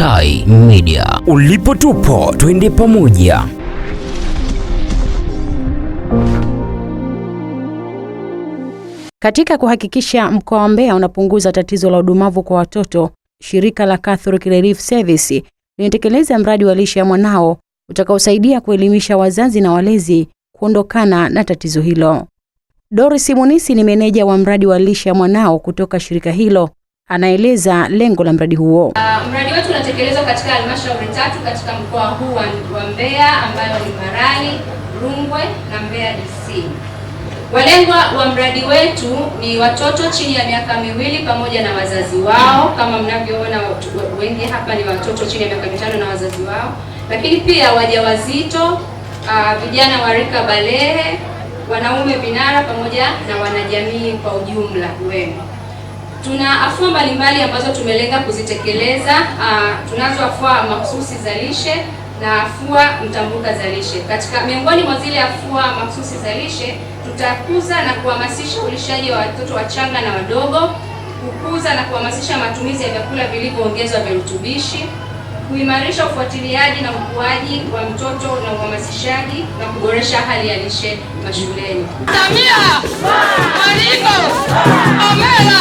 Tai Media. Ulipo tupo, twende pamoja. Katika kuhakikisha mkoa wa Mbeya unapunguza tatizo la udumavu kwa watoto, shirika la Catholic Relief Service linatekeleza mradi wa lishe ya mwanao utakaosaidia kuelimisha wazazi na walezi kuondokana na tatizo hilo. Doris Munisi ni meneja wa mradi wa lishe ya mwanao kutoka shirika hilo anaeleza lengo la mradi huo. Uh, mradi wetu unatekelezwa katika halmashauri tatu katika mkoa huu wa Mbeya ambayo ni marani Rungwe na Mbeya DC. Walengwa wa mradi wetu ni watoto chini ya miaka miwili pamoja na wazazi wao. Kama mnavyoona, wengi hapa ni watoto chini ya miaka mitano na wazazi wao, lakini pia wajawazito, uh, vijana wa rika balehe, wanaume vinara pamoja na wanajamii kwa ujumla wenu Tuna afua mbalimbali ambazo tumelenga kuzitekeleza. Uh, tunazo afua mahususi za lishe na afua mtambuka za lishe. Katika miongoni mwa zile afua mahususi za lishe, tutakuza na kuhamasisha ulishaji wa watoto wachanga na wadogo, kukuza na kuhamasisha matumizi ya vyakula vilivyoongezwa virutubishi kuimarisha ufuatiliaji na ukuaji wa mtoto na uhamasishaji na kuboresha hali ya lishe mashuleni. Samia Mariko Omela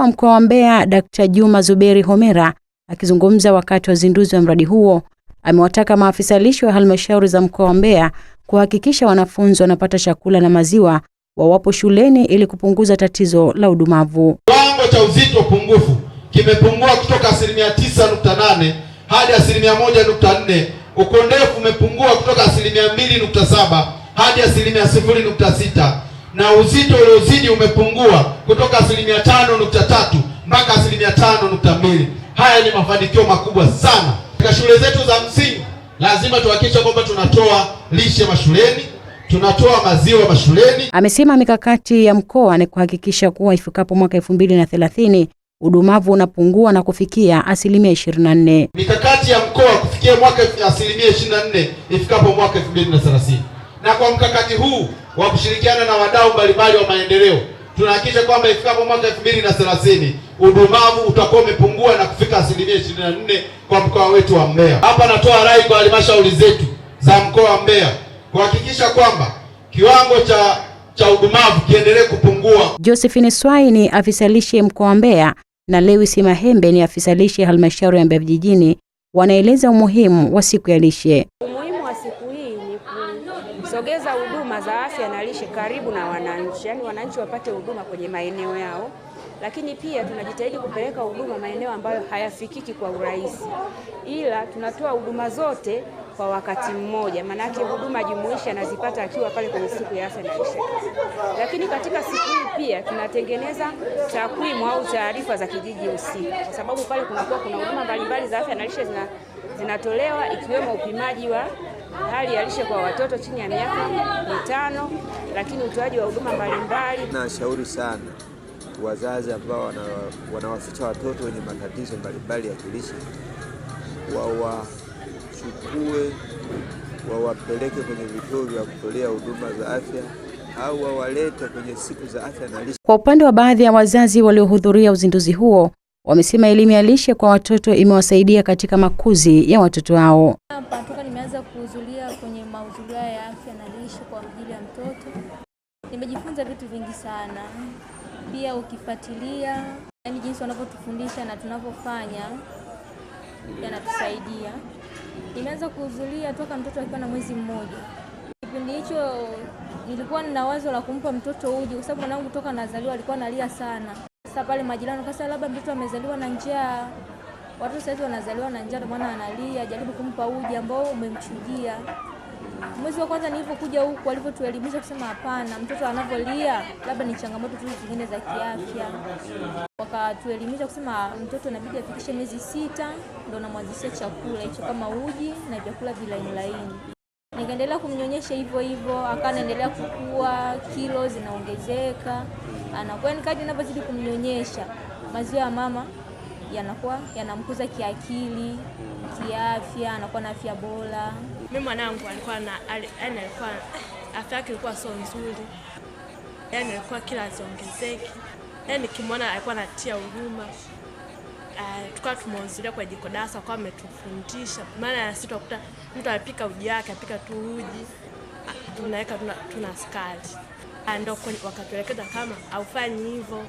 wa mkoa wa Mbeya Dkt. Juma Zuberi Homera akizungumza wakati wa uzinduzi wa mradi huo amewataka maafisa lishe wa halmashauri za mkoa wa Mbeya kuhakikisha wanafunzi wanapata chakula na maziwa wawapo shuleni ili kupunguza tatizo la udumavu. Kiwango cha uzito pungufu kimepungua kutoka asilimia 9.8 hadi asilimia 1.4. Ukondefu umepungua kutoka asilimia 2.7 hadi asilimia 0.6 na uzito uliozidi umepungua kutoka asilimia 5.3 mpaka asilimia 5.2. Haya ni mafanikio makubwa sana katika shule zetu za msingi. Lazima tuhakikisha kwamba tunatoa lishe mashuleni, tunatoa maziwa mashuleni. Amesema mikakati ya mkoa ni kuhakikisha kuwa ifikapo mwaka 2030 udumavu unapungua na kufikia asilimia 24. Mikakati ya mkoa kufikia mwaka asilimia 24 ifikapo mwaka 2030, na kwa mkakati huu wa kushirikiana na wadau mbalimbali wa maendeleo tunahakisha kwamba ifikapo mwaka elfu mbili na thelathini udumavu utakuwa umepungua na kufika asilimia ishirini na nne kwa mkoa wetu wa Mbeya. Hapa natoa rai kwa halmashauri zetu za mkoa wa Mbeya kuhakikisha kwamba kiwango cha cha udumavu kiendelee kupungua. Josephine Swai ni afisa lishe mkoa wa Mbeya na Lewis Mahembe ni afisa lishe halmashauri ya Mbeya vijijini, wanaeleza umuhimu wa siku ya lishe ni kusogeza huduma za afya na lishe karibu na wananchi, yaani wananchi wapate huduma kwenye maeneo yao, lakini pia tunajitahidi kupeleka huduma maeneo ambayo hayafikiki kwa urahisi, ila tunatoa huduma zote kwa wakati mmoja, maanake huduma jumuishi anazipata akiwa pale kwenye siku ya afya na lishe. Lakini katika siku hii pia tunatengeneza takwimu au taarifa za kijiji husika, kwa sababu pale kunakuwa kuna huduma mbalimbali za afya na lishe zina, zinatolewa ikiwemo upimaji wa hali ya lishe kwa watoto chini ya miaka mitano, lakini utoaji wa huduma mbalimbali. Nashauri sana wazazi ambao wanawaficha watoto wenye matatizo mbalimbali ya kilishe wawachukue wawapeleke kwenye vituo vya kutolea huduma za afya au wawalete kwenye siku za afya na lishe. Kwa upande wa baadhi ya wazazi waliohudhuria uzinduzi huo, wamesema elimu ya lishe kwa watoto imewasaidia katika makuzi ya watoto wao nimeanza kuhudhuria kwenye mahudhurio ya afya na lishe kwa ajili ya mtoto. Nimejifunza vitu vingi sana, pia ukifuatilia, yani jinsi wanavyotufundisha na tunavyofanya yanatusaidia. Nimeanza kuhudhuria toka mtoto akiwa na mwezi mmoja. Kipindi hicho nilikuwa nina wazo la kumpa mtoto uji, kwa sababu mwanangu toka nazaliwa alikuwa analia sana. Sasa pale majirani kasa, labda mtoto amezaliwa na njaa Watoto sasa wanazaliwa na njaa, maana analia, jaribu kumpa uji ambao umemchujia. Mwezi wa kwanza nilipokuja huku, walivyotuelimisha kusema hapana, mtoto anavyolia labda ni changamoto tu zingine za kiafya. Wakatuelimisha kusema mtoto inabidi afikishe miezi sita ndio namwanzishia chakula hicho kama uji na vyakula laini. Nikaendelea kumnyonyesha hivyo hivyo, akawa anaendelea kukua, kilo zinaongezeka, anakuwa nikaji ninavyozidi kumnyonyesha maziwa ya mama yanakuwa yanamkuza kiakili, kiafya, anakuwa na afya bora. Mimi mwanangu alikuwa na yani, alikuwa afya yake ilikuwa sio nzuri, yani alikuwa kila aziongezeki, yani kimwona alikuwa anatia huruma. Uh, ah, tukawa tumehudhuria kwa jiko dasa, kwa ametufundisha maana sisi, tunakuta mtu anapika uji wake apika tu uji ah, tunaweka tuna, tuna skari ah, ndo wakatuelekeza kama haufanyi hivyo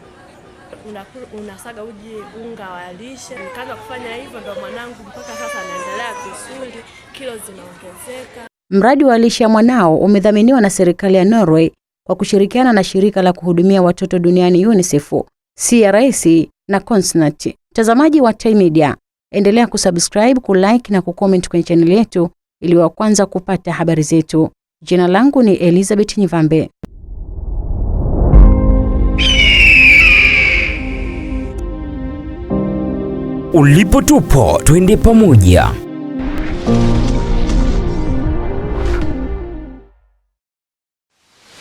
unasaga uji unga wa Nikaanza kufanya hivyo, ndo mwanangu mpaka sasa anaendelea vizuri, kilo zinaongezeka. Mradi wa lishe ya mwanao umedhaminiwa na serikali ya Norway kwa kushirikiana na shirika la kuhudumia watoto duniani UNICEF, CRIC na Consnat. Mtazamaji wa Time Media, endelea kusubscribe, kulike na kucomment kwenye chaneli yetu ili wa kwanza kupata habari zetu. Jina langu ni Elizabeth Nyivambe. ulipo tupo, twende pamoja.